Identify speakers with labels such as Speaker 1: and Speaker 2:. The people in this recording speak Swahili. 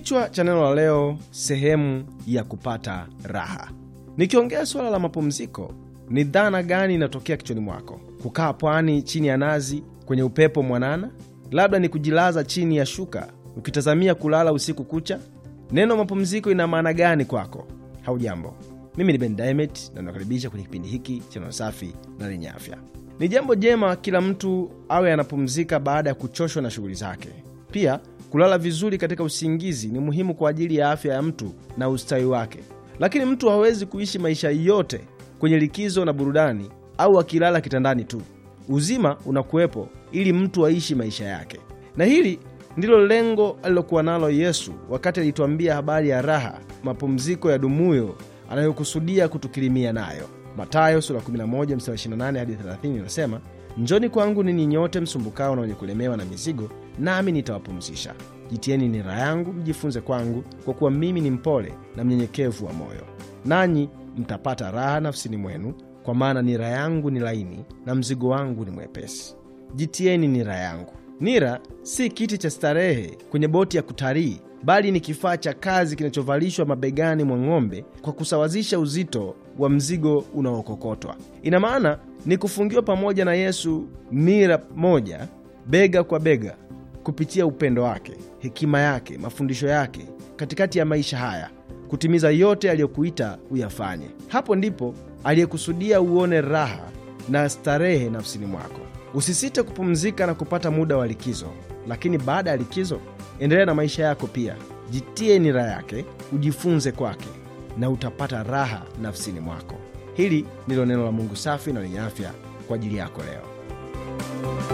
Speaker 1: Kichwa cha neno la leo, sehemu ya kupata raha. Nikiongea suala la mapumziko, ni dhana gani inatokea kichwani mwako? Kukaa pwani chini ya nazi kwenye upepo mwanana? Labda ni kujilaza chini ya shuka ukitazamia kulala usiku kucha? Neno mapumziko ina maana gani kwako? jambo mimi ni Ben dimet na nakaribisha kwenye kipindi hiki cha neno safi na lenye afya. Ni jambo jema kila mtu awe anapumzika baada ya kuchoshwa na shughuli zake. Pia Kulala vizuri katika usingizi ni muhimu kwa ajili ya afya ya mtu na ustawi wake, lakini mtu hawezi kuishi maisha yote kwenye likizo na burudani au akilala kitandani tu. Uzima unakuwepo ili mtu aishi maisha yake, na hili ndilo lengo alilokuwa nalo Yesu wakati alituambia habari ya raha, mapumziko ya dumuyo anayokusudia kutukirimia nayo. Mathayo sura 11 mstari 28 hadi 30 inasema, njoni kwangu ninyi nyote msumbukao na wenye kulemewa na mizigo nami nitawapumzisha. Jitieni nira yangu, mjifunze kwangu, kwa kuwa mimi ni mpole na mnyenyekevu wa moyo, nanyi mtapata raha nafsini mwenu, kwa maana nira yangu ni laini na mzigo wangu ni mwepesi. Jitieni nira yangu. Nira si kiti cha starehe kwenye boti ya kutalii, bali ni kifaa cha kazi kinachovalishwa mabegani mwa ng'ombe kwa kusawazisha uzito wa mzigo unaokokotwa. Ina maana ni kufungiwa pamoja na Yesu nira moja, bega kwa bega, kupitia upendo wake, hekima yake, mafundisho yake katikati ya maisha haya, kutimiza yote aliyokuita uyafanye. Hapo ndipo aliyekusudia uone raha na starehe nafsini mwako. Usisite kupumzika na kupata muda wa likizo, lakini baada ya likizo endelea na maisha yako pia. Jitie nira yake, ujifunze kwake, na utapata raha nafsini mwako. Hili ndilo neno la Mungu safi na lenye afya kwa ajili yako leo.